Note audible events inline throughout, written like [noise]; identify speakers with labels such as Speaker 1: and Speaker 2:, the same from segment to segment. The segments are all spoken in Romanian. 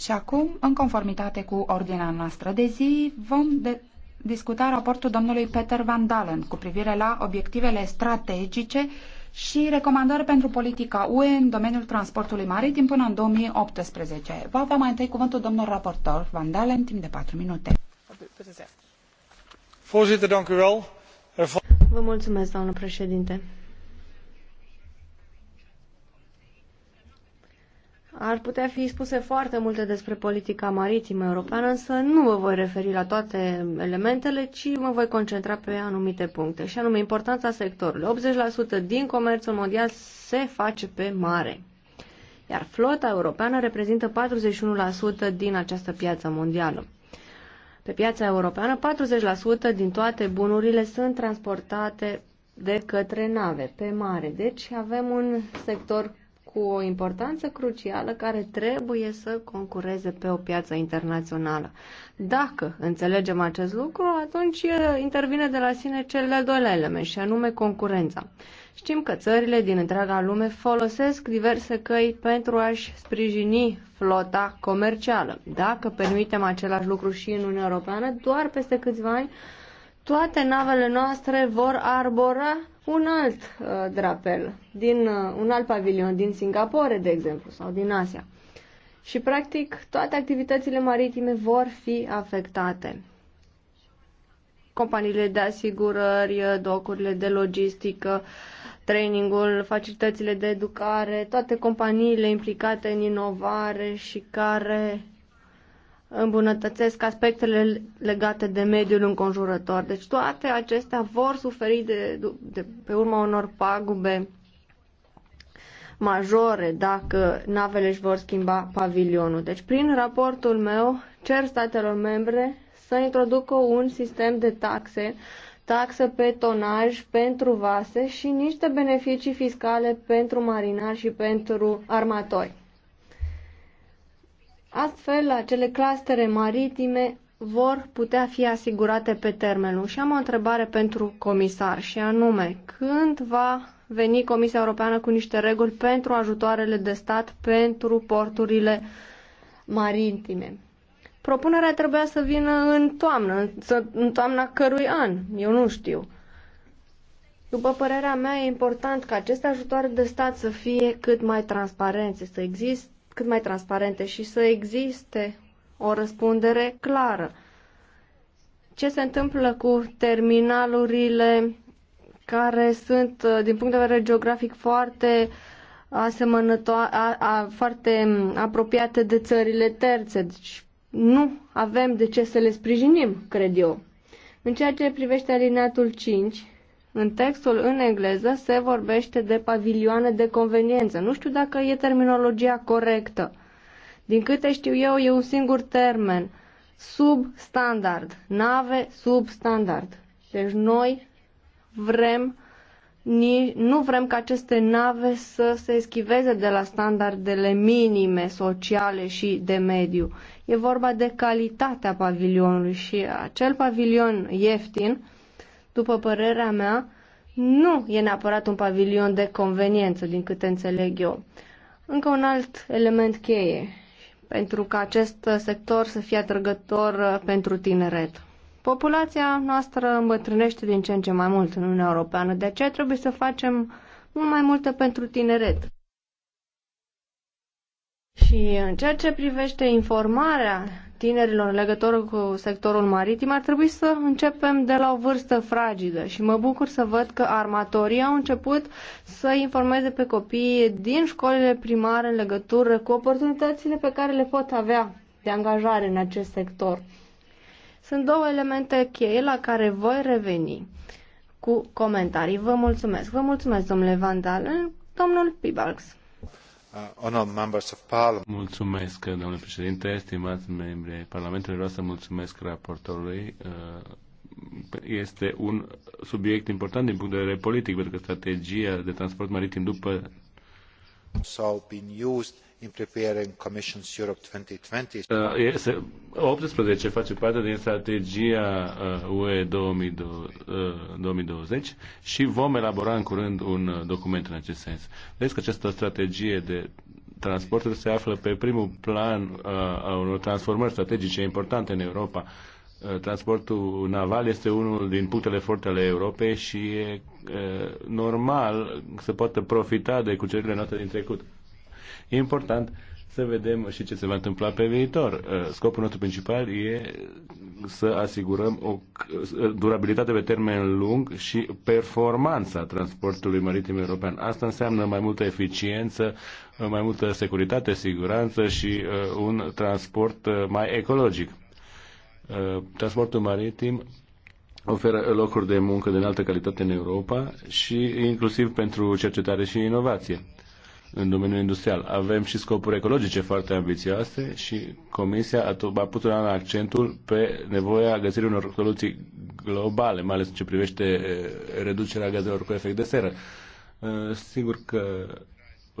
Speaker 1: Și acum, în conformitate cu ordinea noastră de zi, vom de discuta raportul domnului Peter Van Dalen cu privire la obiectivele strategice și recomandări pentru politica UE în domeniul transportului maritim până în 2018. Va avea mai întâi cuvântul domnul raportor Van Dalen, timp de 4 minute.
Speaker 2: Er Vă
Speaker 3: mulțumesc, doamnă președinte. Ar putea fi spuse foarte multe despre politica maritimă europeană, însă nu vă voi referi la toate elementele, ci mă voi concentra pe anumite puncte, și anume importanța sectorului. 80% din comerțul mondial se face pe mare, iar flota europeană reprezintă 41% din această piață mondială. Pe piața europeană, 40% din toate bunurile sunt transportate de către nave pe mare, deci avem un sector cu o importanță crucială care trebuie să concureze pe o piață internațională. Dacă înțelegem acest lucru, atunci intervine de la sine cel de-al doilea element, și anume concurența. Știm că țările din întreaga lume folosesc diverse căi pentru a-și sprijini flota comercială. Dacă permitem același lucru și în Uniunea Europeană, doar peste câțiva ani toate navele noastre vor arbora un alt uh, drapel, din uh, un alt pavilion, din Singapore, de exemplu, sau din Asia. Și, practic, toate activitățile maritime vor fi afectate. Companiile de asigurări, uh, docurile de logistică, trainingul, facilitățile de educare, toate companiile implicate în inovare și care îmbunătățesc aspectele legate de mediul înconjurător. Deci toate acestea vor suferi de, de pe urma unor pagube majore dacă navele își vor schimba pavilionul. Deci prin raportul meu cer statelor membre să introducă un sistem de taxe, taxă pe tonaj pentru vase și niște beneficii fiscale pentru marinari și pentru armatori. Astfel, acele clastere maritime vor putea fi asigurate pe termen lung. Și am o întrebare pentru comisar și anume, când va veni Comisia Europeană cu niște reguli pentru ajutoarele de stat pentru porturile maritime? Propunerea trebuia să vină în toamnă, în toamna cărui an, eu nu știu. După părerea mea, e important ca aceste ajutoare de stat să fie cât mai transparente, să existe cât mai transparente și să existe o răspundere clară. Ce se întâmplă cu terminalurile care sunt, uh, din punct de vedere geografic, foarte asemănătoare, a, a, foarte um, apropiate de țările terțe. Deci nu avem de ce să le sprijinim, cred eu. În ceea ce privește alineatul 5, în textul în engleză se vorbește de pavilioane de conveniență. Nu știu dacă e terminologia corectă. Din câte știu eu, e un singur termen. Substandard. Nave substandard. Deci noi vrem ni, nu vrem ca aceste nave să se eschiveze de la standardele minime sociale și de mediu. E vorba de calitatea pavilionului și acel pavilion ieftin după părerea mea, nu e neapărat un pavilion de conveniență, din câte înțeleg eu. Încă un alt element cheie pentru ca acest sector să fie atrăgător uh, pentru tineret. Populația noastră îmbătrânește din ce în ce mai mult în Uniunea Europeană, de aceea trebuie să facem mult mai multe pentru tineret. Și în ceea ce privește informarea tinerilor în legătură cu sectorul maritim, ar trebui să începem de la o vârstă fragidă și mă bucur să văd că armatorii au început să informeze pe copii din școlile primare în legătură cu oportunitățile pe care le pot avea de angajare în acest sector. Sunt două elemente cheie la care voi reveni cu comentarii. Vă mulțumesc. Vă mulțumesc, domnule Vandalen, domnul Pibalx.
Speaker 4: Uh, mulțumesc, domnule președinte, stimați membri ai Parlamentului. Vreau să mulțumesc raportorului. Uh, este un subiect important din punct de vedere politic, pentru că strategia de transport maritim după sau been used in preparing Commission's Europe 2020. 18 uh, face parte din strategia uh, UE 2020 uh, și vom elabora în curând un document în acest sens. Vezi că această strategie de transporturi se află pe primul plan a unor transformări strategice importante în Europa Eh, transportul naval este unul din punctele forte ale Europei și e eh, normal să poată profita de cuceririle noastre din trecut. E important să vedem și ce se va întâmpla pe viitor. Eh, scopul nostru principal e să asigurăm o durabilitate pe termen lung și performanța transportului maritim european. Asta înseamnă mai multă eficiență, mai multă securitate, siguranță și un transport mai ecologic. Uh, transportul maritim oferă locuri de muncă de înaltă calitate în Europa și inclusiv pentru cercetare și inovație în domeniul industrial. Avem și scopuri ecologice foarte ambițioase și Comisia a pus în accentul pe nevoia găsirii unor soluții globale, mai ales în ce privește uh, reducerea gazelor cu efect de seră. Uh, sigur că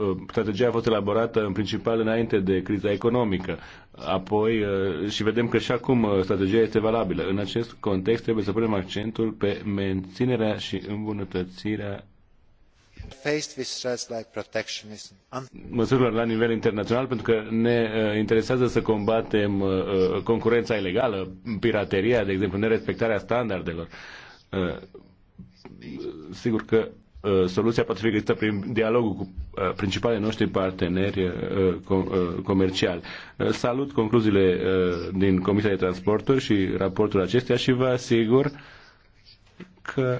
Speaker 4: Uh, strategia a fost elaborată în principal înainte de criza economică. Apoi, uh, și vedem că și acum uh, strategia este valabilă. În acest context trebuie să punem accentul pe menținerea și îmbunătățirea măsurilor la nivel internațional pentru că ne interesează să combatem concurența ilegală, pirateria, de exemplu, nerespectarea standardelor. Sigur că Uh, soluția poate fi găsită prin dialogul cu uh, principalii noștri parteneri uh, comerciali. Salut concluziile din Comisia de Transporturi și raportul acestea și vă asigur că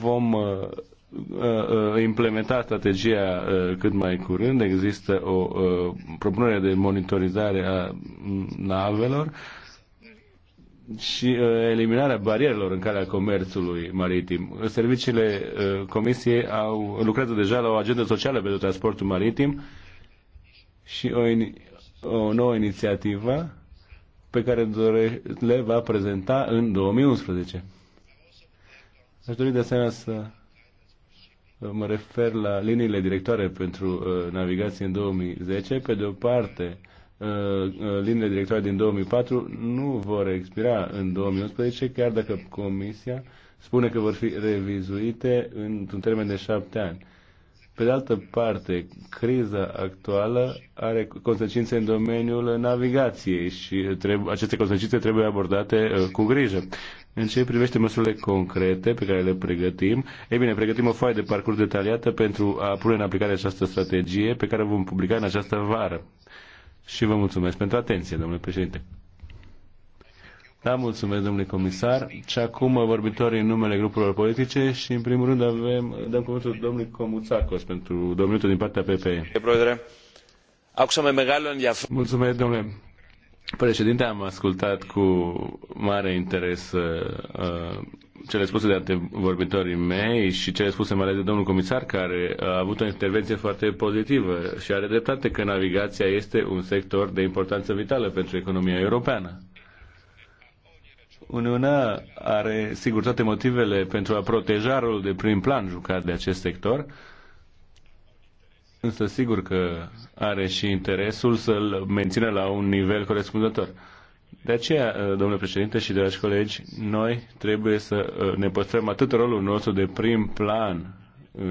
Speaker 4: vom implementa strategia cât mai curând. Există o propunere de monitorizare a mm, navelor și uh, eliminarea barierelor în calea comerțului maritim. Serviciile uh, Comisiei au lucrează deja la o agendă socială pentru transportul maritim și o, in, o nouă inițiativă pe care dore, le va prezenta în 2011. Aș dori de asemenea să uh, mă refer la liniile directoare pentru uh, navigație în 2010. Pe de o parte, uh, Uh, uh, liniile directoare din 2004 nu vor expira în 2011, chiar dacă Comisia spune că vor fi revizuite într-un termen de șapte ani. Pe de altă parte, criza actuală are consecințe în domeniul navigației și trebuie, aceste consecințe trebuie abordate uh, cu grijă. În ce privește măsurile concrete pe care le pregătim, ei bine, pregătim o foaie de parcurs detaliată pentru a pune în aplicare această strategie pe care o vom publica în această vară și vă mulțumesc pentru atenție, domnule președinte. Da, mulțumesc, domnule comisar. Și acum vorbitorii în numele grupurilor politice și, în primul rând, avem, dăm cuvântul domnului Comuțacos pentru domnul din partea PPE. Mulțumesc, domnule Președinte, am ascultat cu mare interes uh, cele spuse de antevorbitorii mei și cele spuse mai ales de domnul comisar, care a avut o intervenție foarte pozitivă și are dreptate că navigația este un sector de importanță vitală pentru economia europeană. Uniunea are, sigur, toate motivele pentru a proteja rolul de prim plan jucat de acest sector, uh, însă sigur că are și interesul să-l mențină la un nivel corespunzător. De aceea, uh, domnule președinte și dragi colegi, noi trebuie să uh, ne păstrăm atât rolul nostru de prim plan uh,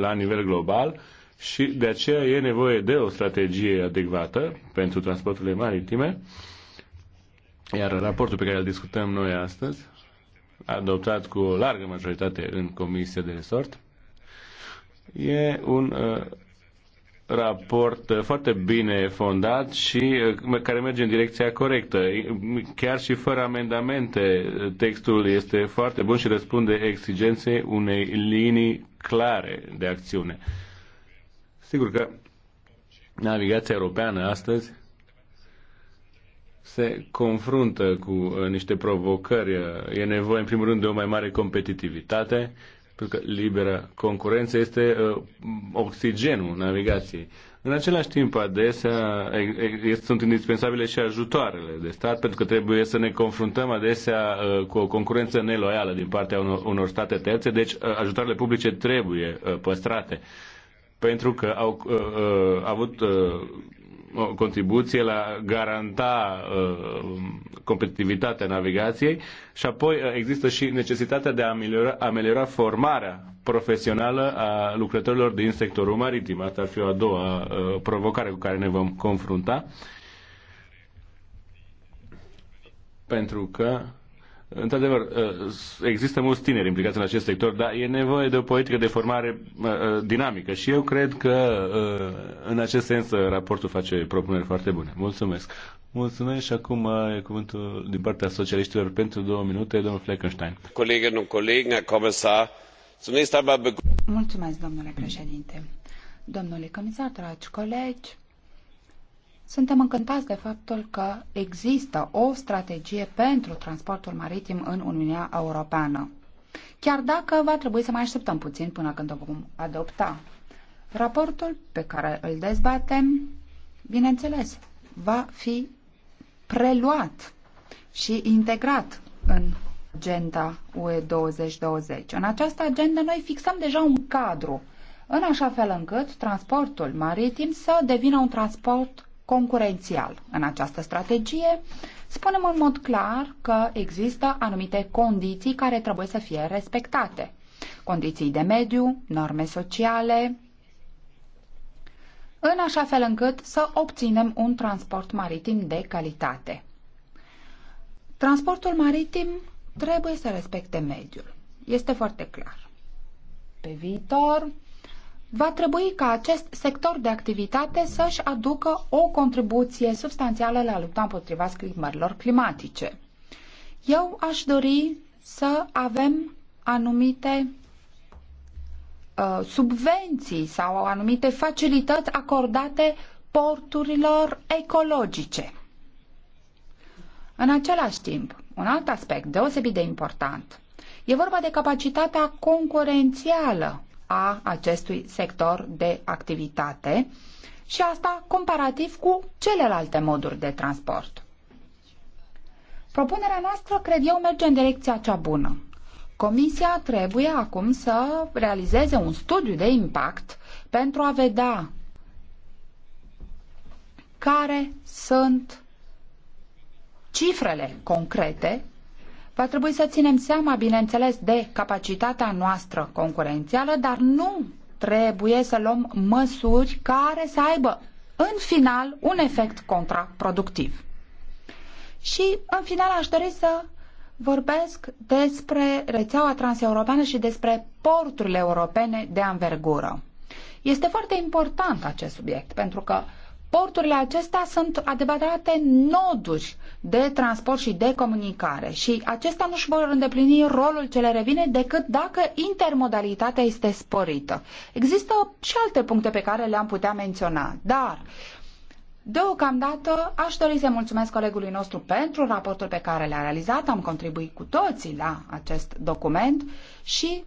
Speaker 4: la nivel global și de aceea e nevoie de o strategie adecvată pentru transporturile maritime, iar raportul pe care îl discutăm noi astăzi, adoptat cu o largă majoritate în Comisia de Resort, e un uh, raport foarte bine fondat și uh, care merge în direcția corectă. Chiar și fără amendamente, textul este foarte bun și răspunde exigenței unei linii clare de acțiune. Sigur că navigația europeană astăzi se confruntă cu uh, niște provocări. Uh, e nevoie, în primul rând, de o mai mare competitivitate pentru că liberă concurență este uh, oxigenul navigației. În același timp, adesea sunt indispensabile și ajutoarele de stat, pentru că trebuie să ne confruntăm adesea uh, cu o concurență neloială din partea unor, unor state terțe, deci uh, ajutoarele publice trebuie uh, păstrate, pentru că au uh, avut uh, o contribuție la garanta uh, competitivitatea navigației și apoi uh, există și necesitatea de a ameliora, ameliora formarea profesională a lucrătorilor din sectorul maritim. Asta ar fi o a doua uh, provocare cu care ne vom confrunta. Pentru că Într-adevăr, uh, există mulți tineri implicați în acest sector, dar e nevoie de o politică de formare uh, dinamică și eu cred că uh, în acest sens raportul face propuneri foarte bune. Mulțumesc! Mulțumesc și acum e cuvântul din partea socialiștilor pentru două minute, domnul Fleckenstein. Colegii, colegi, comisar,
Speaker 1: Mulțumesc, domnule președinte. Domnule comisar, dragi colegi, suntem încântați de faptul că există o strategie pentru transportul maritim în Uniunea Europeană. Chiar dacă va trebui să mai așteptăm puțin până când o vom adopta. Raportul pe care îl dezbatem, bineînțeles, va fi preluat și integrat în agenda UE 2020. În această agendă noi fixăm deja un cadru în așa fel încât transportul maritim să devină un transport concurențial. În această strategie spunem în mod clar că există anumite condiții care trebuie să fie respectate. Condiții de mediu, norme sociale, în așa fel încât să obținem un transport maritim de calitate. Transportul maritim trebuie să respecte mediul. Este foarte clar. Pe viitor, va trebui ca acest sector de activitate să-și aducă o contribuție substanțială la lupta împotriva schimbărilor climatice. Eu aș dori să avem anumite uh, subvenții sau anumite facilități acordate porturilor ecologice. În același timp, un alt aspect deosebit de important e vorba de capacitatea concurențială a acestui sector de activitate și asta comparativ cu celelalte moduri de transport. Propunerea noastră, cred eu, merge în direcția cea bună. Comisia trebuie acum să realizeze un studiu de impact pentru a vedea care sunt cifrele concrete Va trebui să ținem seama, bineînțeles, de capacitatea noastră concurențială, dar nu trebuie să luăm măsuri care să aibă, în final, un efect contraproductiv. Și, în final, aș dori să vorbesc despre rețeaua transeuropeană și despre porturile europene de anvergură. Este foarte important acest subiect, pentru că uh, porturile acestea sunt adevărate noduri de transport și de comunicare și acestea nu își vor îndeplini rolul ce le revine decât dacă intermodalitatea este sporită. Există și alte puncte pe care le-am putea menționa, dar Deocamdată aș dori să mulțumesc colegului nostru pentru raportul pe care l-a realizat, am contribuit cu toții la acest document și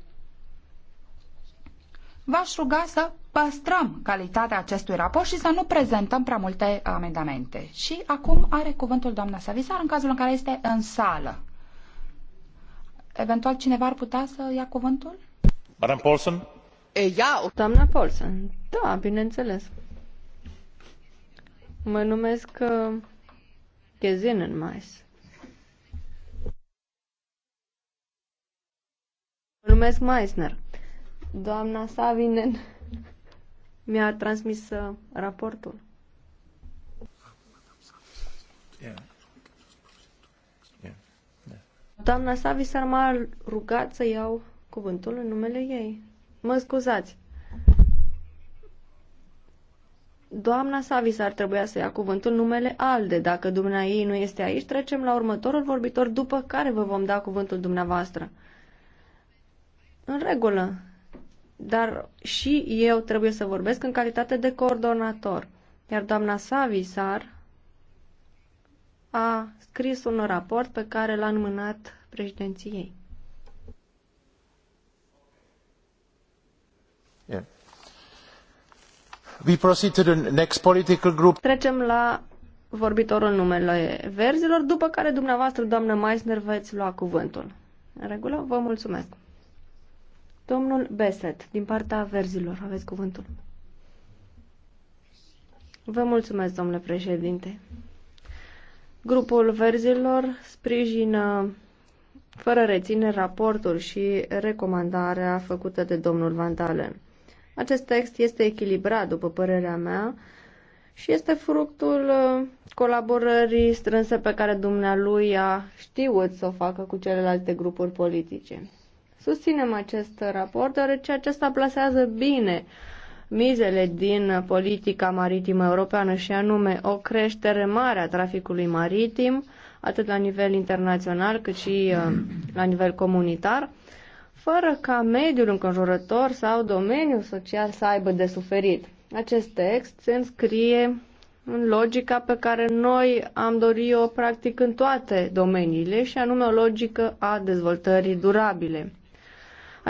Speaker 1: v-aș ruga să păstrăm calitatea acestui raport și să nu prezentăm prea multe amendamente. Și acum are cuvântul doamna Savisar în cazul în care este în sală. Eventual cineva ar putea să ia cuvântul?
Speaker 4: Madame Paulson?
Speaker 1: E, iau. Doamna
Speaker 3: Paulson, da, bineînțeles. Mă numesc în uh, Mais. Mă numesc Meisner. Doamna Savinen mi-a transmis uh, raportul.
Speaker 2: Yeah. Yeah.
Speaker 3: Doamna Savisar m-a rugat să iau cuvântul în numele ei. Mă scuzați. Doamna Savis ar trebuia să ia cuvântul numele ALDE. Dacă dumnea ei nu este aici, trecem la următorul vorbitor, după care vă vom da cuvântul dumneavoastră. În regulă, dar și eu trebuie să vorbesc în calitate de coordonator. Iar doamna Savisar a scris un raport pe care l-a înmânat președinției. Yeah. We proceed to the next political group. Trecem la vorbitorul numele verzilor, după care dumneavoastră, doamnă Meissner, veți lua cuvântul. În regulă? Vă mulțumesc. Domnul Beset, din partea verzilor, aveți cuvântul. Vă mulțumesc, domnule președinte. Grupul verzilor sprijină fără reține raportul și recomandarea făcută de domnul Van Dalen. Acest text este echilibrat, după părerea mea, și este fructul uh, colaborării strânse pe care dumnealui a știut să o facă cu celelalte grupuri politice. Susținem acest raport, deoarece acesta plasează bine mizele din politica maritimă europeană și anume o creștere mare a traficului maritim, atât la nivel internațional cât și uh, la nivel comunitar, fără ca mediul înconjurător sau domeniul social să aibă de suferit. Acest text se înscrie în logica pe care noi am dorit-o practic în toate domeniile și anume o logică a dezvoltării durabile.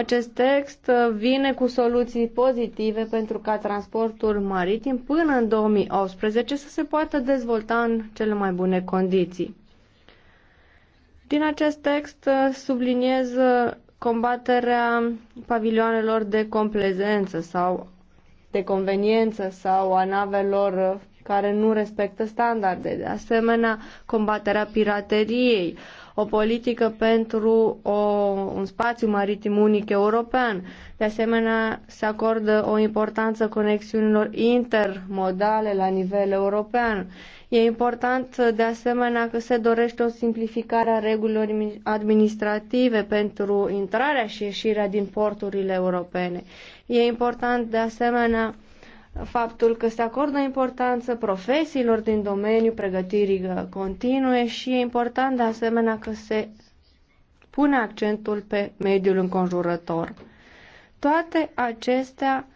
Speaker 3: Acest text uh, vine cu soluții pozitive pentru ca transportul maritim până în 2018 să se poată dezvolta în cele mai bune condiții. Din acest text uh, subliniez uh, combaterea pavilioanelor de complezență sau de conveniență sau a navelor care nu respectă standarde, de asemenea combaterea pirateriei, o politică pentru o, un spațiu maritim unic european. De asemenea, se acordă o importanță conexiunilor intermodale la nivel european. E important de asemenea că se dorește o simplificare a regulilor administrative pentru intrarea și ieșirea din porturile europene. E important de asemenea faptul că se acordă importanță profesiilor din domeniu pregătirii uh, continue și e important de asemenea că se pune accentul pe mediul înconjurător. Toate acestea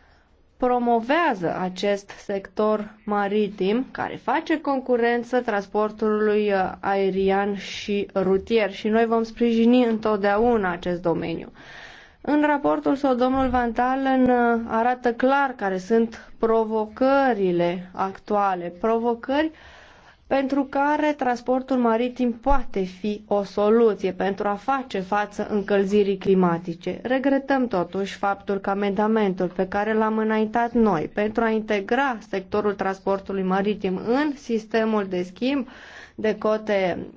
Speaker 3: promovează acest sector maritim care face concurență transportului uh, aerian și rutier și noi vom sprijini întotdeauna acest domeniu. În raportul său, domnul Van Talen uh, arată clar care sunt provocările actuale, provocări pentru care transportul maritim poate fi o soluție pentru a face față încălzirii climatice. Regretăm totuși faptul că amendamentul pe care l-am înaintat noi pentru a integra sectorul transportului maritim în sistemul de schimb de cote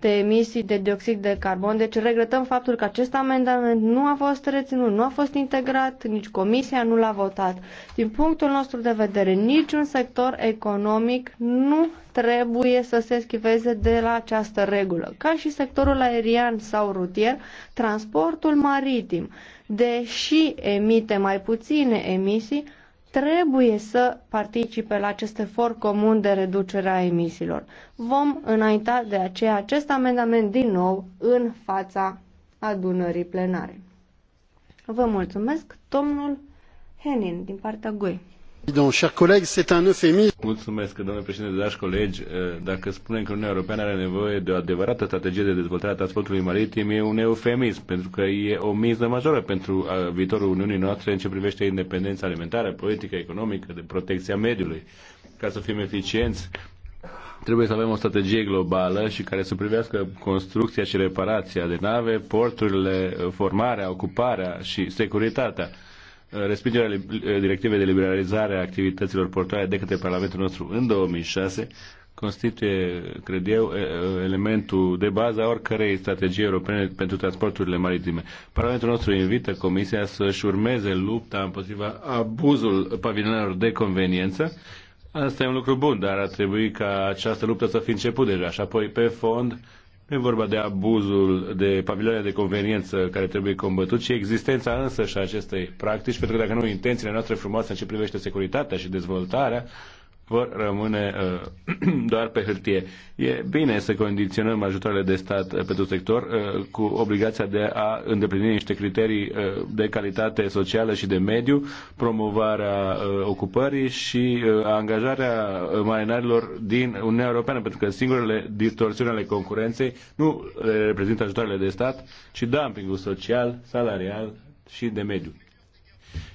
Speaker 3: de emisii de dioxid de carbon. Deci regretăm faptul că acest amendament nu a fost reținut, nu a fost integrat, nici comisia nu l-a votat. Din punctul nostru de vedere, niciun sector economic nu trebuie să se schiveze de la această regulă. Ca și sectorul aerian sau rutier, transportul maritim, deși emite mai puține emisii, trebuie să participe la acest efort comun de reducere a emisiilor. Vom înainta de aceea acest amendament din nou în fața adunării plenare. Vă mulțumesc, domnul Henin, din partea GUE.
Speaker 4: Mulțumesc, domnule președinte, dragi colegi. Eh, dacă spunem că Uniunea Europeană are nevoie de o adevărată strategie de dezvoltare a transportului maritim, e un eufemism, pentru că e o miză majoră pentru eh, viitorul Uniunii noastre în ce privește independența alimentară, politică, economică, de protecția mediului. Ca să fim eficienți, trebuie să avem o strategie globală și care să privească construcția și reparația de nave, porturile, eh, formarea, ocuparea și securitatea respingerea eh, directivei de liberalizare a activităților portoare de către Parlamentul nostru în 2006 constituie, cred eu, elementul de bază a oricărei strategii europene pentru transporturile maritime. Parlamentul nostru invită Comisia să-și urmeze lupta împotriva abuzul pavilionelor de conveniență. Asta e un lucru bun, dar ar trebui ca această luptă să fi început deja și apoi pe fond nu e vorba de abuzul de pavilioane de conveniență care trebuie combătut, ci existența însă și a acestei practici, pentru că dacă nu, intențiile noastre frumoase în ce privește securitatea și dezvoltarea vor rămâne uh, [clears throat] doar pe hârtie. E bine să condiționăm ajutoarele de stat uh, pentru sector uh, cu obligația de a îndeplini niște criterii uh, de calitate socială și de mediu, promovarea uh, ocupării și uh, angajarea marinarilor din Uniunea Europeană, pentru că singurele distorsiuni ale concurenței nu le uh, reprezintă ajutoarele de stat, ci dumpingul social, salarial și de mediu.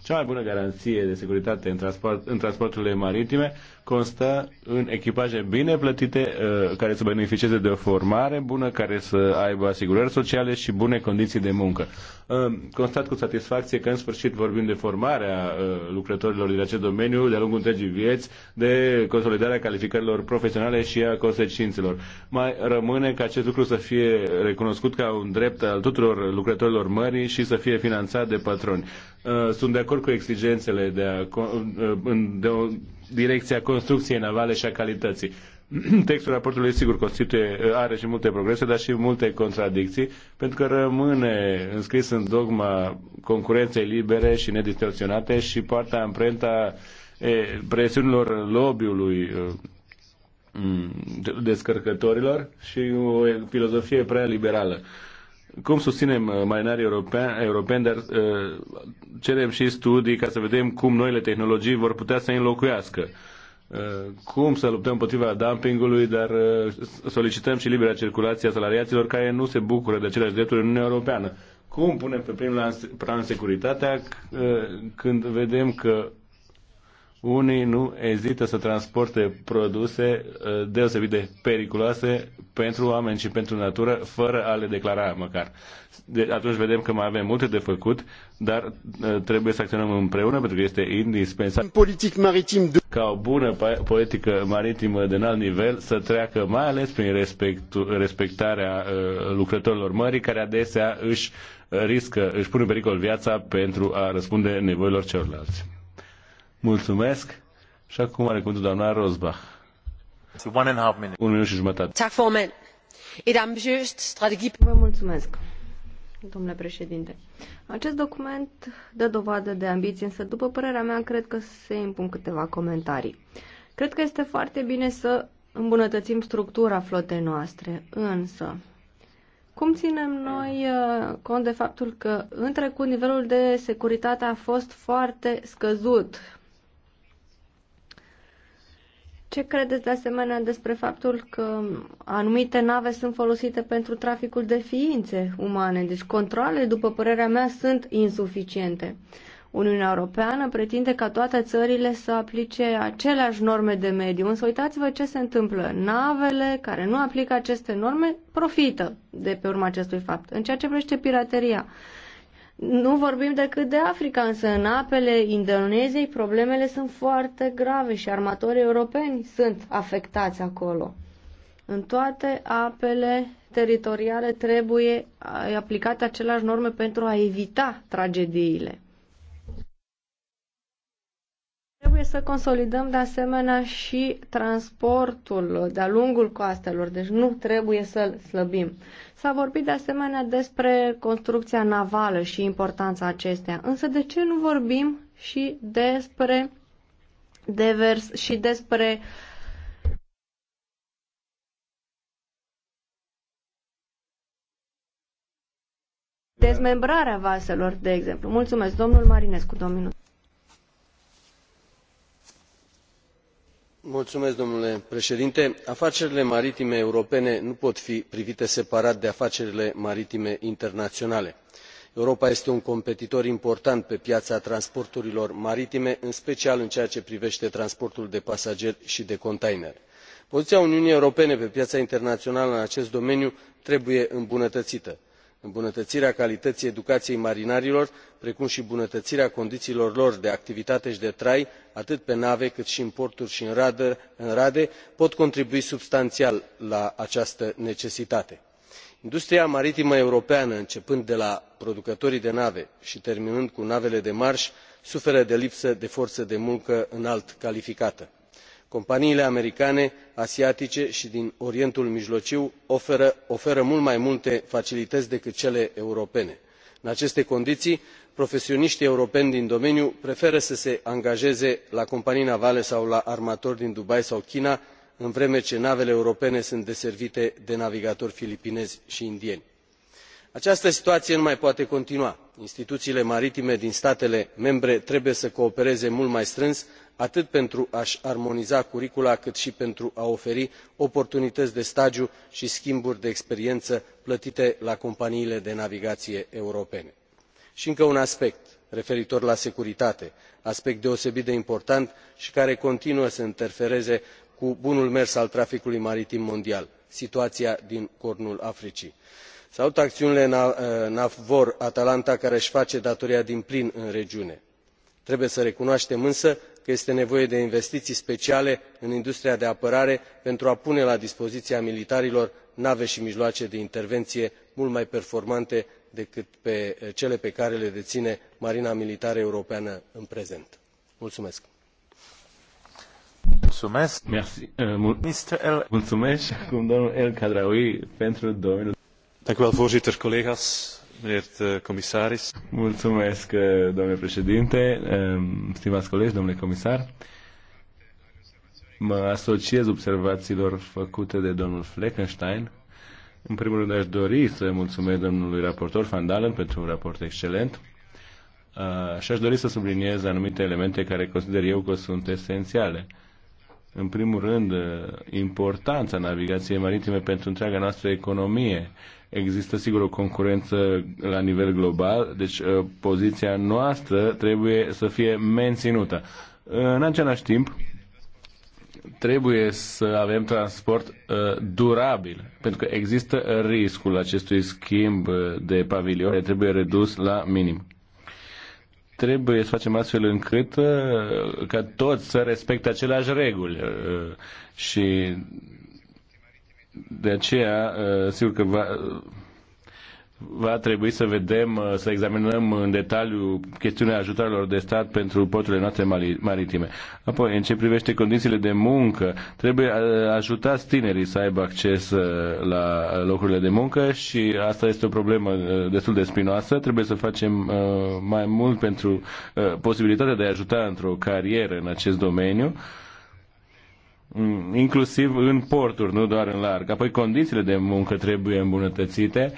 Speaker 4: Cea mai bună garanție de securitate în, transport, în transporturile maritime constă în echipaje bine plătite, uh, care să beneficieze de o formare bună, care să aibă asigurări sociale și bune condiții de muncă. Uh, constat cu satisfacție că în sfârșit vorbim de formarea uh, lucrătorilor din acest domeniu de-a lungul întregii vieți, de consolidarea calificărilor profesionale și a consecințelor. Mai rămâne ca acest lucru să fie recunoscut ca un drept al tuturor lucrătorilor mării și să fie finanțat de patroni. Sunt de acord acord cu exigențele de, a, de o direcția construcției navale și a calității. [clears throat] Textul raportului, sigur, constituie, are și multe progrese, dar și multe contradicții, pentru că rămâne înscris în dogma concurenței libere și nedistorsionate și poartă amprenta presiunilor lobby-ului descărcătorilor și o filozofie prea liberală cum susținem uh, marinarii europeni, europeni dar uh, cerem și studii ca să vedem cum noile tehnologii vor putea să înlocuiască. Uh, cum să luptăm împotriva dumpingului, dar solicităm și libera circulație a salariaților care nu se bucură de aceleași drepturi în Uniunea Europeană. Cum punem pe primul plan securitatea când vedem că unii nu ezită să transporte produse uh, deosebit de periculoase pentru oameni și pentru natură, fără a le declara măcar. De, atunci vedem că mai avem multe de făcut, dar uh, trebuie să acționăm împreună pentru că este indispensabil politic maritim de... ca o bună politică maritimă de înalt nivel să treacă mai ales prin respect, respectarea uh, lucrătorilor mării care adesea își riscă, își pun în pericol viața pentru a răspunde nevoilor celorlalți. Mulțumesc. Și acum are cuvântul doamna Rosbach. Un minut și jumătate. Tak,
Speaker 3: formand. Et ambitiøst strategi... Vă mulțumesc, domnule președinte. Acest document dă dovadă de ambiție, însă, după părerea mea, cred că se impun câteva comentarii. Cred că este foarte bine să îmbunătățim structura flotei noastre, însă cum ținem noi uh, cont de faptul că în trecut nivelul de securitate a fost foarte scăzut ce credeți de asemenea despre faptul că anumite nave sunt folosite pentru traficul de ființe umane? Deci controlele, după părerea mea, sunt insuficiente. Uniunea Europeană pretinde ca toate țările să aplice aceleași norme de mediu, însă uitați-vă ce se întâmplă. Navele care nu aplică aceste norme profită de pe urma acestui fapt. În ceea ce privește pirateria, nu vorbim decât de Africa, însă în apele Indoneziei problemele sunt foarte grave și armatorii europeni sunt afectați acolo. În toate apele teritoriale trebuie aplicate aceleași norme pentru a evita tragediile. Trebuie să consolidăm de asemenea și transportul de-a lungul coastelor, deci nu trebuie să-l slăbim. S-a vorbit de asemenea despre construcția navală și importanța acesteia, însă de ce nu vorbim și despre devers și despre dezmembrarea vaselor, de exemplu. Mulțumesc, domnul Marinescu, domnul.
Speaker 2: afacerile maritime europene nu pot fi privite separat de afacerile maritime internaionale. europa este un competitor important pe piaa transporturilor maritime în special în ceea ce privete transportul de pasageri i de containere. poziia uniunii europene pe piaa internaională în acest domeniu trebuie îmbunătăită îmbunătățirea calității educației marinarilor precum și îmbunătățirea condițiilor lor de activitate și de trai atât pe nave cât și în porturi și în rade pot contribui substanțial la această necesitate. industria maritimă europeană începând de la producătorii de nave și terminând cu navele de marș suferă de lipsă de forță de muncă înalt calificată companiile americane asiatice i din orientul mijlociu oferă mult mai multe facilităi decât cele europene. în aceste condiii profesionitii europeni din domeniu preferă să se angajeze la companii navale sau la armatori din dubai sau china în vreme ce navele europene sunt deservite de navigatori filipinezi i indieni. această situaie nu mai poate continua instituiile maritime din statele membre trebuie să coopereze mult mai strâns atât pentru a și armoniza curricula cât și pentru a oferi oportunități de stagiu și schimburi de experiență plătite la companiile de navigație europene. și încă un aspect referitor la securitate aspect deosebit de important și care continuă să interfereze cu bunul mers al traficului maritim mondial situația din cornul africii. salut acțiunile uh, navfor atalanta care își face datoria din plin în regiune. trebuie să recunoaștem însă că este nevoie de investiții speciale în industria de apărare pentru a pune la dispoziția militarilor nave și mijloace de intervenție mult mai performante decât eh, cele pe care le deține marina militară europeană în prezent. Mulțumesc.
Speaker 4: Mulțumesc. Eh, Mulțumesc. El pentru Eh, mulțumesc, eh, domnule președinte, eh, stimați colegi, domnule comisar. Mă asociez observațiilor făcute de domnul Fleckenstein. În primul rând aș dori să mulțumesc domnului raportor Van Dalen pentru un raport excelent și aș dori să subliniez anumite elemente care consider eu că sunt esențiale. În primul rând, importanța navigației maritime pentru întreaga noastră economie Există sigur o concurență la nivel global, deci uh, poziția noastră trebuie să fie menținută. În același timp, trebuie să avem transport uh, durabil, pentru că există riscul acestui schimb uh, de pavilion, care trebuie redus la minim. Trebuie să facem astfel încât ca toți să respecte aceleași reguli și de aceea, uh, sigur că va, va trebui să vedem, uh, să examinăm în detaliu chestiunea ajutorilor de stat pentru porturile noastre maritime. Apoi, în ce privește condițiile de muncă, trebuie uh, ajutați tinerii să aibă acces la locurile de muncă și asta este o problemă destul de spinoasă. Trebuie să facem mai mult pentru posibilitatea de a ajuta într-o carieră în acest domeniu inclusiv în porturi, nu doar în larg. Apoi condițiile de muncă trebuie îmbunătățite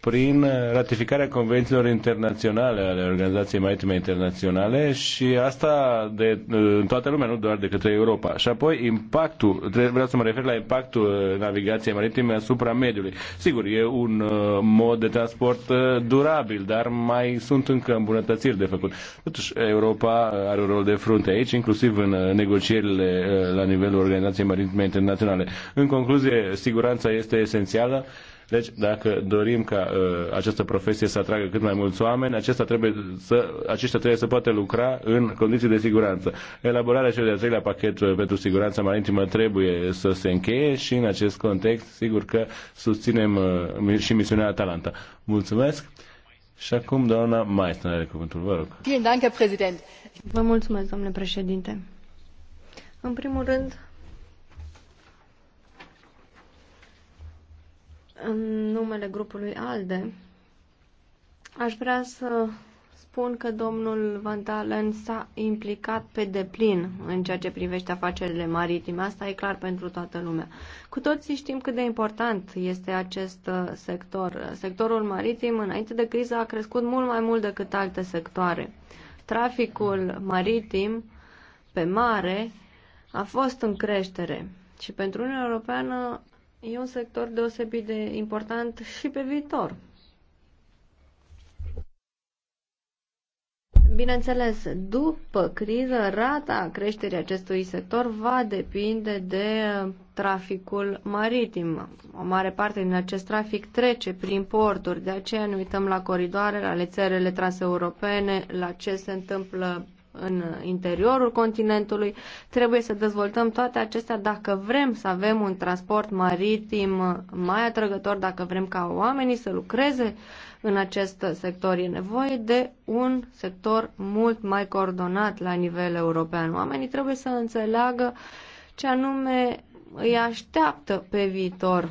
Speaker 4: prin ratificarea convențiilor internaționale ale Organizației Maritime Internaționale și asta de, în toată lumea, nu doar de către Europa. Și apoi impactul, vreau să mă refer la impactul uh, navigației maritime asupra mediului. Sigur, e un uh, mod de transport uh, durabil, dar mai sunt încă îmbunătățiri de făcut. Totuși, Europa are un rol de frunte aici, inclusiv în negocierile la nivelul Organizației Maritime Internaționale. În concluzie, siguranța este esențială deci, dacă dorim ca uh, această profesie să atragă cât mai mulți oameni, acesta trebuie să, aceștia trebuie să poată lucra în condiții de siguranță. Elaborarea celui de-al treilea pachet uh, pentru siguranța maritimă trebuie să se încheie și în acest context, sigur că susținem uh, și misiunea Atalanta. Mulțumesc! Și acum doamna Meissner are cuvântul, vă rog.
Speaker 3: Vă mulțumesc, domnule președinte. În primul rând, în numele grupului ALDE, aș vrea să spun că domnul Van Dalen s-a implicat pe deplin în ceea ce privește afacerile maritime. Asta e clar pentru toată lumea. Cu toții știm cât de important este acest uh, sector. Sectorul maritim, înainte de criză, a crescut mult mai mult decât alte sectoare. Traficul maritim pe mare a fost în creștere și pentru Uniunea Europeană E un sector deosebit de important și pe viitor. Bineînțeles, după criză, rata creșterii acestui sector va depinde de traficul maritim. O mare parte din acest trafic trece prin porturi, de aceea ne uităm la coridoare, la lețerele transeuropene, la ce se întâmplă în interiorul continentului. Trebuie să dezvoltăm toate acestea dacă vrem să avem un transport maritim mai atrăgător, dacă vrem ca oamenii să lucreze în acest sector. E nevoie de un sector mult mai coordonat la nivel european. Oamenii trebuie să înțeleagă ce anume îi așteaptă pe viitor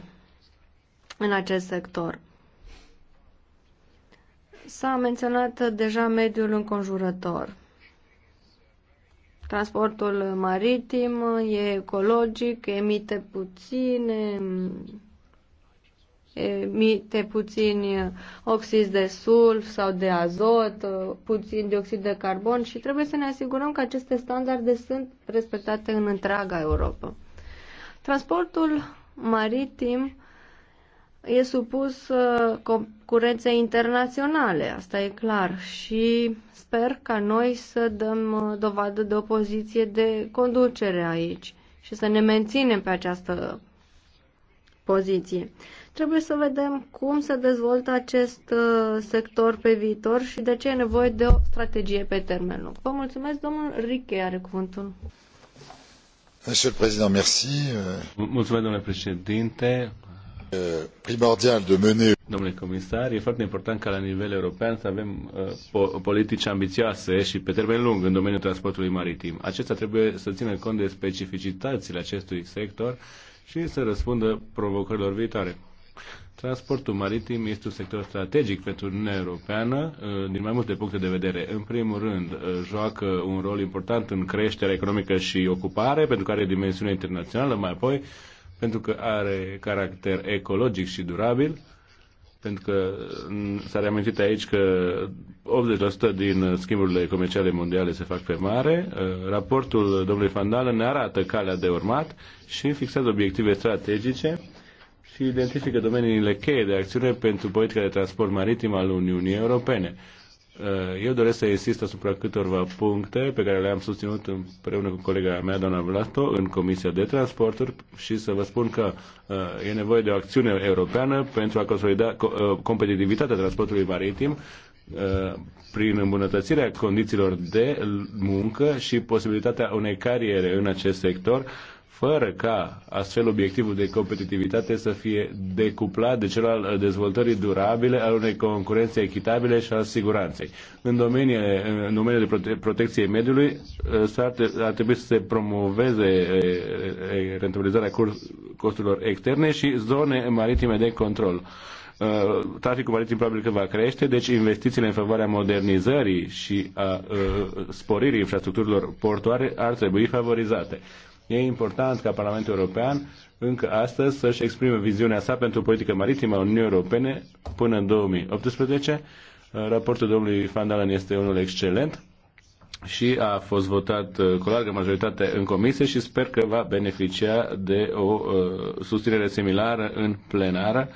Speaker 3: în acest sector. S-a menționat deja mediul înconjurător. Transportul maritim e ecologic, emite puține emite puțin oxizi de sulf sau de azot, puțin dioxid de carbon și trebuie să ne asigurăm că aceste standarde sunt respectate în întreaga Europa. Transportul maritim e supus uh, concurenței internaționale, asta e clar, și sper ca noi să dăm uh, dovadă de o poziție de conducere aici și să ne menținem pe această poziție. Trebuie să vedem cum se dezvoltă acest uh, sector pe viitor și de ce e nevoie de o strategie pe termen lung. Vă mulțumesc, domnul Riche are cuvântul.
Speaker 4: Monsieur le Président, merci. Mulțumesc, domnule președinte. Euh, primordial de mener. Domnule comisar, e foarte important ca la nivel european să avem uh, politici ambițioase și pe termen lung în domeniul transportului maritim. Acesta trebuie să țină cont de specificitățile acestui sector și să răspundă provocărilor viitoare. Transportul maritim este un sector strategic pentru Uniunea Europeană uh, din mai multe puncte de vedere. În primul rând, uh, joacă un rol important în creșterea economică și ocupare, pentru că are dimensiune internațională, mai apoi pentru că are caracter ecologic și durabil, pentru că mm, s-a reamintit aici că 80% din schimburile comerciale mondiale se fac pe mare. Uh, raportul domnului Fandală ne arată calea de urmat și fixează obiective strategice și identifică domeniile cheie de acțiune pentru politica de transport maritim al Uniunii Europene. Eh, eu doresc să insist asupra câtorva puncte pe care le-am susținut împreună cu colega mea, doamna Vlasto, în Comisia de Transporturi și să vă spun că eh, e nevoie de o acțiune europeană pentru a consolida eh, competitivitatea transportului maritim prin îmbunătățirea condițiilor de muncă și posibilitatea unei cariere în acest sector fără ca astfel obiectivul de competitivitate să fie decuplat de cel al dezvoltării durabile, al unei concurențe echitabile și al siguranței. În domeniile, în domeniile de prote- protecție mediului ar trebui să se promoveze rentabilizarea costurilor externe și zone maritime de control traficul maritim probabil că va crește, deci investițiile în favoarea modernizării și a, a sporirii infrastructurilor portoare ar trebui favorizate. E important ca Parlamentul European încă astăzi să-și exprime viziunea sa pentru politică maritimă a Uniunii Europene până în 2018. Raportul domnului Van Dalen este unul excelent și a fost votat uh, cu largă majoritate în comisie și sper că va beneficia de o uh, susținere similară în plenară,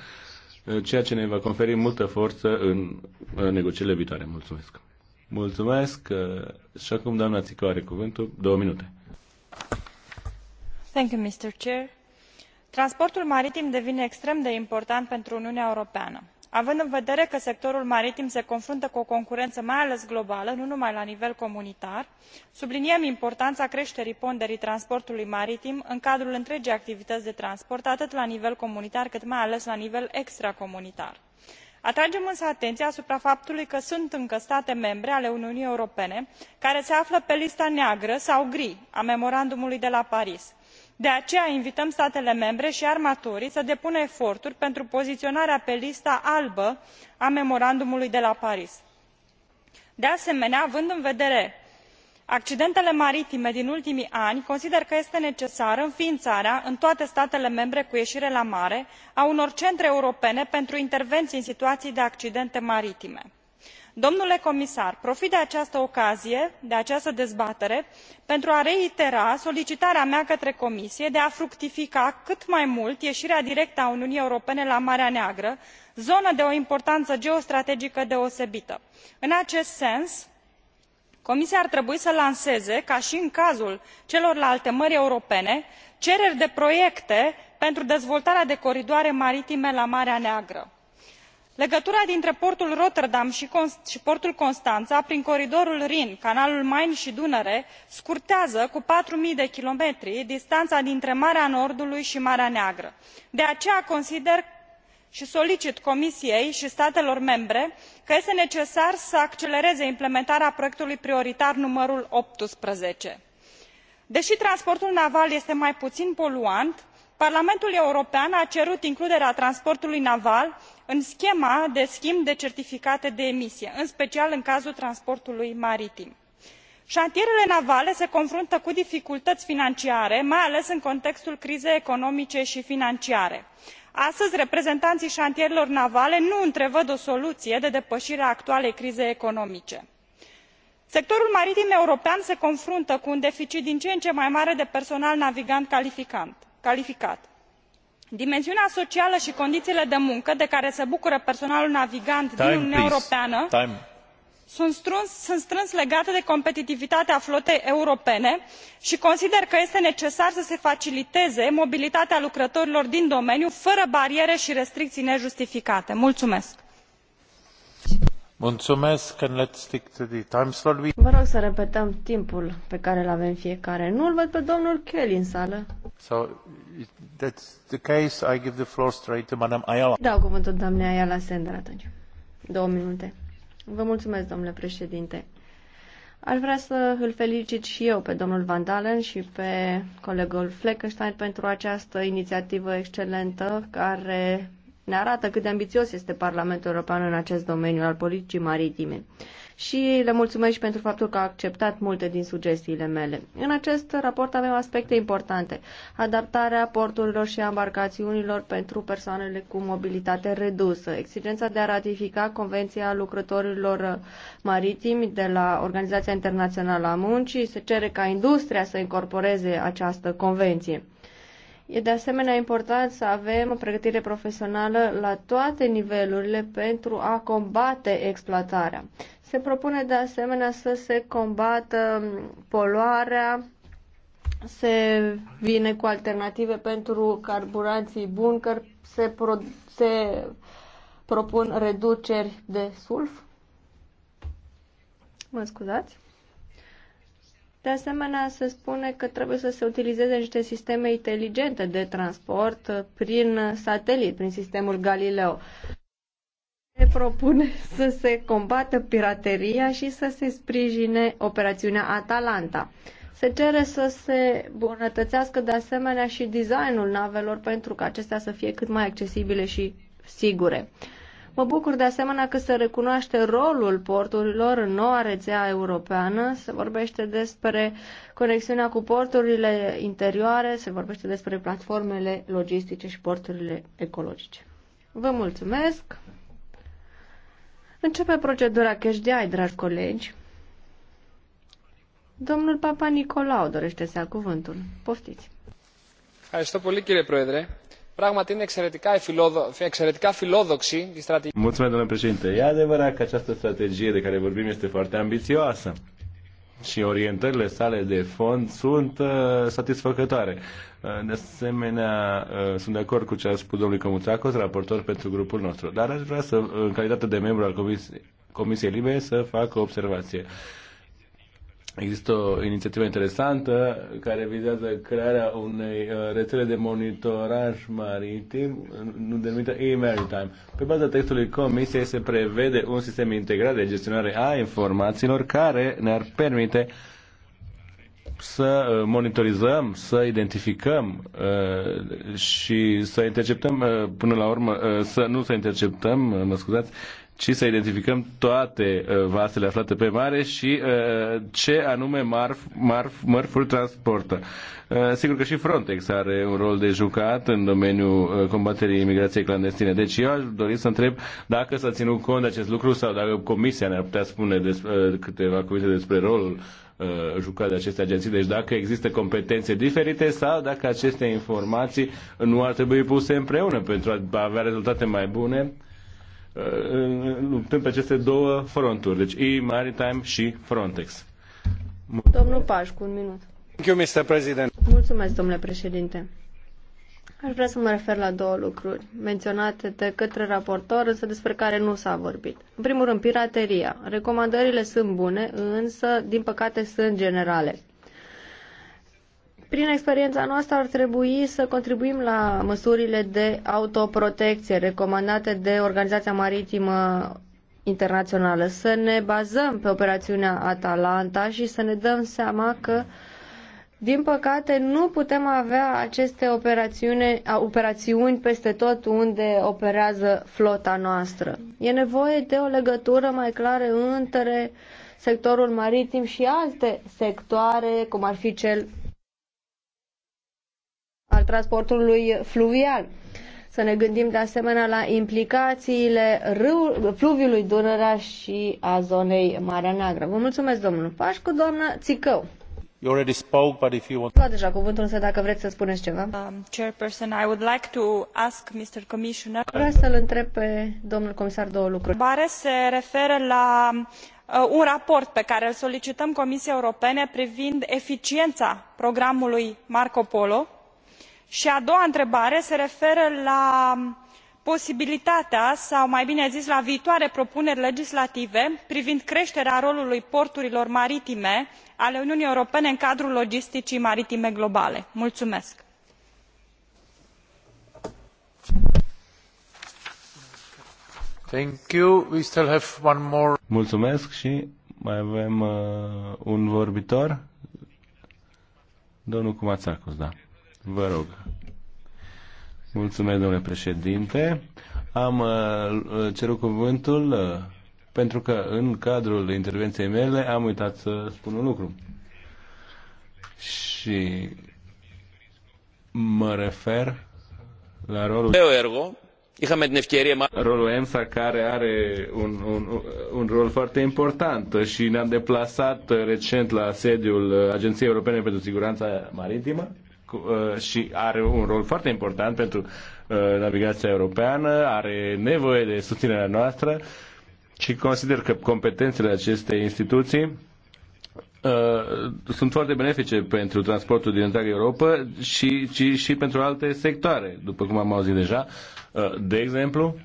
Speaker 4: uh, ceea ce ne va conferi multă forță în negocierile viitoare. Mulțumesc! Mulțumesc și acum doamna Țicău are cuvântul. Două minute
Speaker 5: transportul maritim devine extrem de important pentru uniunea europeană. având în vedere că sectorul maritim se confruntă cu o concurenă mai ales globală nu numai la nivel comunitar subliniem importana creterii ponderii transportului maritim în cadrul întregii activităi de transport atât la nivel comunitar cât mai ales la nivel extracomunitar. atragem însă atenia asupra faptului că sunt încă state membre ale uniunii europene care se află pe lista neagră sau gri a memorandumului de la paris de aceea invităm statele membre i armatorii să depună eforturi pentru poziionarea pe lista albă a memorandumului de la paris. de asemenea având în vedere accidentele maritime din ultimii ani consider că este necesară înfiinarea în toate statele membre cu ieire la mare a unor centre europene pentru intervenii în situaii de accidente maritime domnule comisar profit de această ocazie de această dezbatere pentru a reitera solicitarea mea către comisie de a fructifica cât mai mult ieirea directă a uniunii europene la marea neagră zonă de o importană geostrategică deosebită. în acest sens comisia ar trebui să lanseze ca i în cazul celorlalte mări europene cereri de proiecte pentru dezvoltarea de coridoare maritime la marea neagră legătura dintre portul rotterdam i portul constana prin coridorul rin canalul main i dunăre scurtează cu patru mii de kilometri distana dintre marea nordului i marea neagră. de aceea consider i solicit comisiei i statelor membre că este necesar să accelereze implementarea proiectului prioritar numărul. optsprezece dei transportul naval este mai puin poluant parlamentul european a cerut includerea transportului naval în schema de schimb de certificate de emisie în special în cazul transportului maritim. antierele navale se confruntă cu dificultăi financiare mai ales în contextul crizei economice i financiare. astăzi reprezentanii antierelor navale nu întrevăd o soluie de depăire a actualei crize economice. sectorul maritim european se confruntă cu un deficit din ce în ce mai mare de personal navigant calificat dimensiunea socială i condiiile de muncă de care se bucură personalul navigant din uniunea europeană sunt strâns legate de competitivitatea flotei europene i consider că este necesar să se faciliteze mobilitatea lucrătorilor din domeniu fără bariere i restricii nejustificate.
Speaker 4: Mulțumesc
Speaker 3: Vă
Speaker 5: rog să repetăm timpul pe care îl avem
Speaker 3: fiecare. Nu îl văd pe domnul Kelly în sală.
Speaker 4: So that's the case. I give the floor straight to Madame Ayala.
Speaker 3: Dau cuvântul doamnei Ayala Sender atunci. Două minute. Vă mulțumesc, domnule președinte. Aș vrea să îl felicit și eu pe domnul Van Dalen și pe colegul Fleckenstein pentru această inițiativă excelentă care ne arată cât de ambițios este Parlamentul European în acest domeniu al politicii maritime. Și le mulțumesc și pentru faptul că a acceptat multe din sugestiile mele. În acest raport avem aspecte importante. Adaptarea porturilor și embarcațiunilor pentru persoanele cu mobilitate redusă, exigența de a ratifica Convenția lucrătorilor maritimi de la Organizația Internațională a Muncii, se cere ca industria să incorporeze această convenție E de asemenea important să avem o pregătire profesională la toate nivelurile pentru a combate exploatarea. Se propune de asemenea să se combată um, poluarea, se vine cu alternative pentru carburanții bunker, se, pro, se propun reduceri de sulf. Mă scuzați. De asemenea, se spune că trebuie să se utilizeze niște sisteme inteligente de transport prin satelit, prin sistemul Galileo. Se propune să se combată pirateria și să se sprijine operațiunea Atalanta. Se cere să se bunătățească de asemenea și designul navelor pentru ca acestea să fie cât mai accesibile și sigure. Mă bucur de asemenea că se recunoaște rolul porturilor în noua rețea europeană, se vorbește despre conexiunea cu porturile interioare, se vorbește despre platformele logistice și porturile ecologice. Vă mulțumesc! Începe procedura cash de ai, dragi colegi. Domnul Papa Nicolau dorește să ia cuvântul. Poftiți!
Speaker 4: Mulțumesc, domnule președinte. Πράγματι είναι εξαιρετικά, φιλόδο... εξαιρετικά φιλόδοξη η strategie. Mulțumesc, domnule președinte. E adevărat că această strategie de care vorbim este foarte ambițioasă și orientările sale de fond sunt uh, satisfăcătoare. Uh, de asemenea, uh, sunt de acord cu ce a spus domnul Comuțacos, raportor pentru grupul nostru, dar aș vrea să, în calitate de membru al Comisiei Comisie Libe, să fac o observație. Există o inițiativă interesantă care vizează crearea unei uh, rețele de monitoraj maritim, nu denumită e-maritime. Pe baza textului Comisiei se prevede un sistem integrat de gestionare a informațiilor care ne-ar permite să uh, monitorizăm, să identificăm uh, și să interceptăm până la urmă, să nu să interceptăm, mă scuzați, ci să identificăm toate uh, vasele aflate pe mare și uh, ce anume marf, marf, mărful transportă. Uh, sigur că și Frontex are un rol de jucat în domeniul combaterii imigrației clandestine. Deci eu aș dori să întreb dacă s-a ținut cont de acest lucru sau dacă Comisia ne-ar putea spune despre, câteva cuvinte despre rolul jucat de aceste agenții. Deci dacă există competențe diferite sau dacă aceste informații nu ar trebui puse împreună pentru a avea rezultate mai bune Uh, luptând pe aceste două fronturi, deci e-maritime și Frontex.
Speaker 3: Domnul Pașcu, un minut. Mulțumesc, domnule președinte. Aș vrea să mă refer la două lucruri menționate de către raportor, însă despre care nu s-a vorbit. În primul rând, pirateria. Recomandările sunt bune, însă, din păcate, sunt generale prin experiența noastră ar trebui să contribuim la măsurile de autoprotecție recomandate de Organizația Maritimă Internațională, să ne bazăm pe operațiunea Atalanta și să ne dăm seama că din păcate, nu putem avea aceste operațiune, operațiuni peste tot unde operează flota noastră. E nevoie de o legătură mai clară între sectorul maritim și alte sectoare, cum ar fi cel transportului fluvial. Să ne gândim de asemenea la implicațiile râul, fluviului Dunărea și a zonei Marea Neagră. Vă mulțumesc, domnul Pașcu, doamnă Țicău.
Speaker 4: You already spoke, but if you
Speaker 3: want... deja cuvântul, însă dacă vreți să spuneți ceva. Um,
Speaker 5: chairperson, I would like to ask Mr. Commissioner...
Speaker 3: Vreau să-l întreb pe domnul comisar două lucruri. Bare
Speaker 5: se referă la uh, un raport pe care îl solicităm Comisiei Europene privind eficiența programului Marco Polo a doua întrebare se referă la posibilitatea sau mai bine zis la viitoare propuneri legislative privind creterea rolului porturilor maritime ale uniunii europene în cadrul logisticii maritime globale. Mulțumesc
Speaker 4: și mai avem uh, un vorbitor. Domnul da. Vă rog. Mulțumesc, domnule președinte. Am uh, cerut cuvântul uh, pentru că în cadrul intervenției mele am uitat să spun un lucru. Și mă refer la rolul... ergo, Rolul EMSA care are un, un, un rol foarte important și ne-am deplasat recent la sediul Agenției Europene pentru Siguranța Maritimă Uh, și are un rol foarte important pentru uh, navigația europeană, are nevoie de susținerea noastră și consider că competențele acestei instituții uh, sunt foarte benefice pentru transportul din întreaga Europa și, și, și pentru alte sectoare, după cum am auzit deja. De exemplu,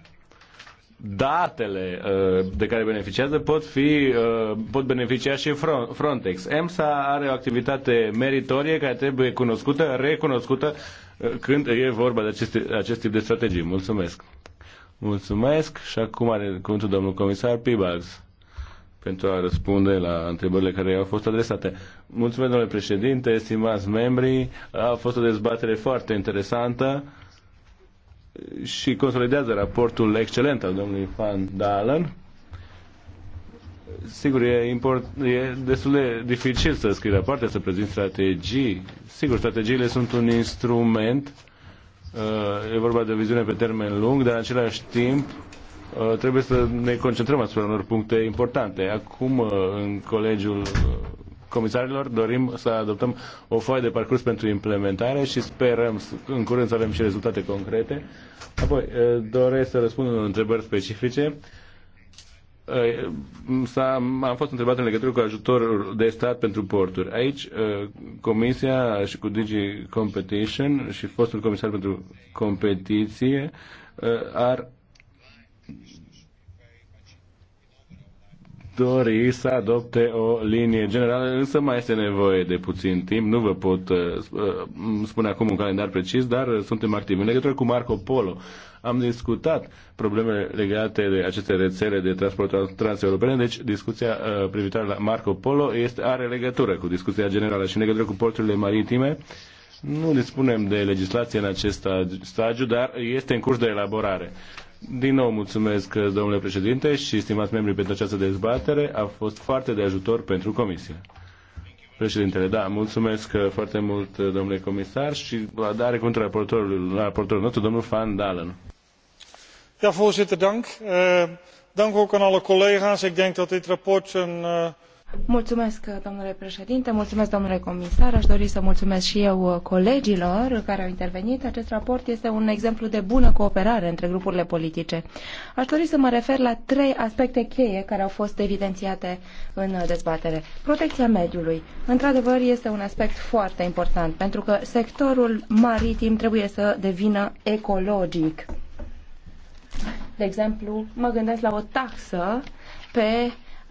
Speaker 4: datele uh, de care beneficiază pot fi uh, pot beneficia și Frontex. EMSA are o activitate meritorie care trebuie cunoscută, recunoscută uh, când e vorba de acest, acest tip de strategii. Mulțumesc! Mulțumesc și acum are cuvântul domnul comisar Pibals pentru a răspunde la întrebările care au fost adresate. Mulțumesc, domnule președinte, estimați membri, a fost o dezbatere foarte interesantă și consolidează raportul excelent al domnului Van Dalen. Sigur, e, import, e destul de dificil să scrii rapoarte, să prezint strategii. Sigur, strategiile sunt un instrument, uh, e vorba de o viziune pe termen lung, dar în același timp uh, trebuie să ne concentrăm asupra unor puncte importante. Acum, uh, în colegiul comisarilor, dorim să adoptăm o foaie de parcurs pentru implementare și sperăm în curând să avem și rezultate concrete. Apoi, doresc să răspund în întrebări specifice. S-a, am fost întrebat în legătură cu ajutorul de stat pentru porturi. Aici, Comisia și cu Digi Competition și fostul comisar pentru competiție ar dori să adopte o linie generală, însă mai este nevoie de puțin timp. Nu vă pot uh, uh spune acum un calendar precis, dar uh, suntem activi. În legătură cu Marco Polo, am discutat problemele legate de aceste rețele de transport transeuropene, deci discuția uh, privitoare la Marco Polo este, are legătură cu discuția generală și în legătură cu porturile maritime. Nu dispunem de legislație în acest stagiu, dar este în curs de elaborare. Din nou mulțumesc, domnule președinte și stimați membri, pentru această dezbatere. A fost foarte de ajutor pentru comisie. Președintele, da, mulțumesc foarte mult, domnule comisar, și la dare contra raportorul, raportorul nostru, domnul Van Dalen. Ja, voorzitter, dank. Uh, dank ook aan alle collega's. Ik denk dat dit rapport een uh,
Speaker 6: Mulțumesc, domnule președinte, mulțumesc, domnule comisar. Aș dori să mulțumesc și eu uh, colegilor care au intervenit. Acest raport este un exemplu de bună cooperare între grupurile politice. Aș dori să mă refer la trei aspecte cheie care au fost evidențiate în uh, dezbatere. Protecția mediului. Într-adevăr, este un aspect foarte important, pentru că sectorul maritim trebuie să devină ecologic. De exemplu, mă gândesc la o taxă pe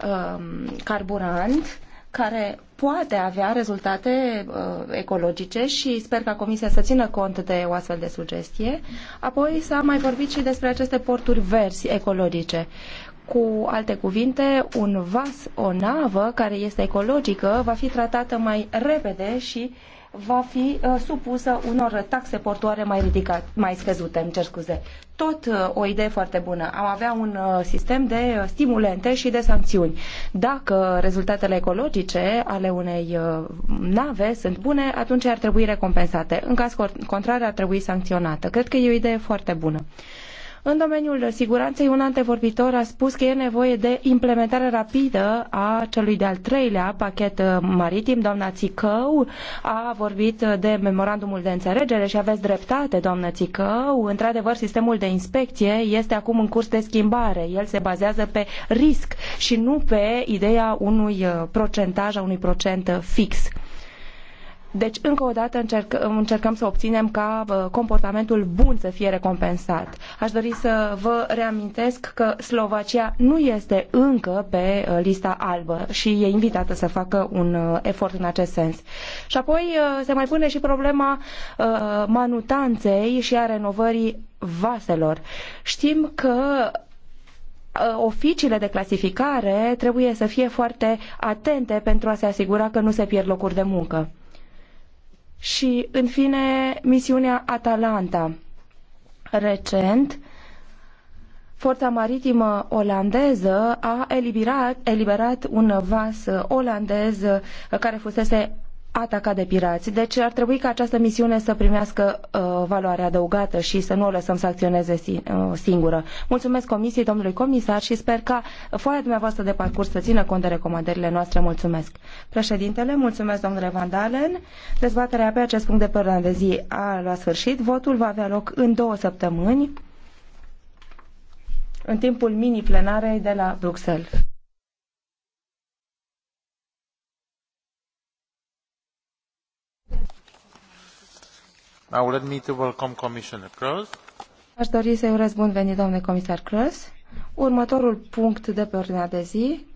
Speaker 6: Um, carburant care poate avea rezultate uh, ecologice și sper ca Comisia să țină cont de o astfel de sugestie. Apoi s-a mai vorbit și despre aceste porturi verzi ecologice. Cu alte cuvinte, un vas, o navă care este ecologică, va fi tratată mai repede și uh, va fi uh, supusă unor taxe portoare mai ridicate, mai scăzute, îmi cer scuze. Tot uh, o idee foarte bună. Am avea un uh, sistem de stimulente și de sancțiuni. Dacă rezultatele ecologice ale unei nave sunt bune, atunci ar trebui recompensate. În caz contrar, ar trebui sancționată. Cred că e o idee foarte bună. În domeniul siguranței, un antevorbitor a spus că e nevoie de implementare rapidă a celui de-al treilea pachet maritim. Doamna Țicău a vorbit de memorandumul de înțelegere și aveți dreptate, doamnă Țicău. Într-adevăr, sistemul de inspecție este acum în curs de schimbare. El se bazează pe risc și nu pe ideea unui procentaj, a unui procent fix. Deci, încă o dată, încerc, încercăm să obținem ca uh, comportamentul bun să fie recompensat. Aș dori să vă reamintesc că Slovacia nu este încă pe uh, lista albă și e invitată să facă un uh, efort în acest sens. Și apoi se mai pune și problema manutanței și a renovării vaselor. Știm că oficiile de clasificare trebuie să fie foarte atente pentru a se asigura că nu se pierd locuri de muncă. Și, în fine, misiunea Atalanta. Recent, Forța maritimă olandeză a eliberat, eliberat un vas olandez care fusese atacat de pirați, deci ar trebui ca această misiune să primească uh, valoare adăugată și să nu o lăsăm să acționeze uh, singură. Mulțumesc Comisiei, domnului comisar și sper ca foaia dumneavoastră de parcurs să țină cont de recomandările noastre. Mulțumesc. Președintele, mulțumesc domnule Van Dalen. Dezbaterea pe acest punct de părere de zi a luat sfârșit. Votul va avea loc în două săptămâni în timpul mini-plenarei de la Bruxelles.
Speaker 4: Now let me to welcome Commissioner Kroes.
Speaker 6: Aș dori să-i urez bun venit, domnule comisar Kroes. Următorul punct de pe ordinea de zi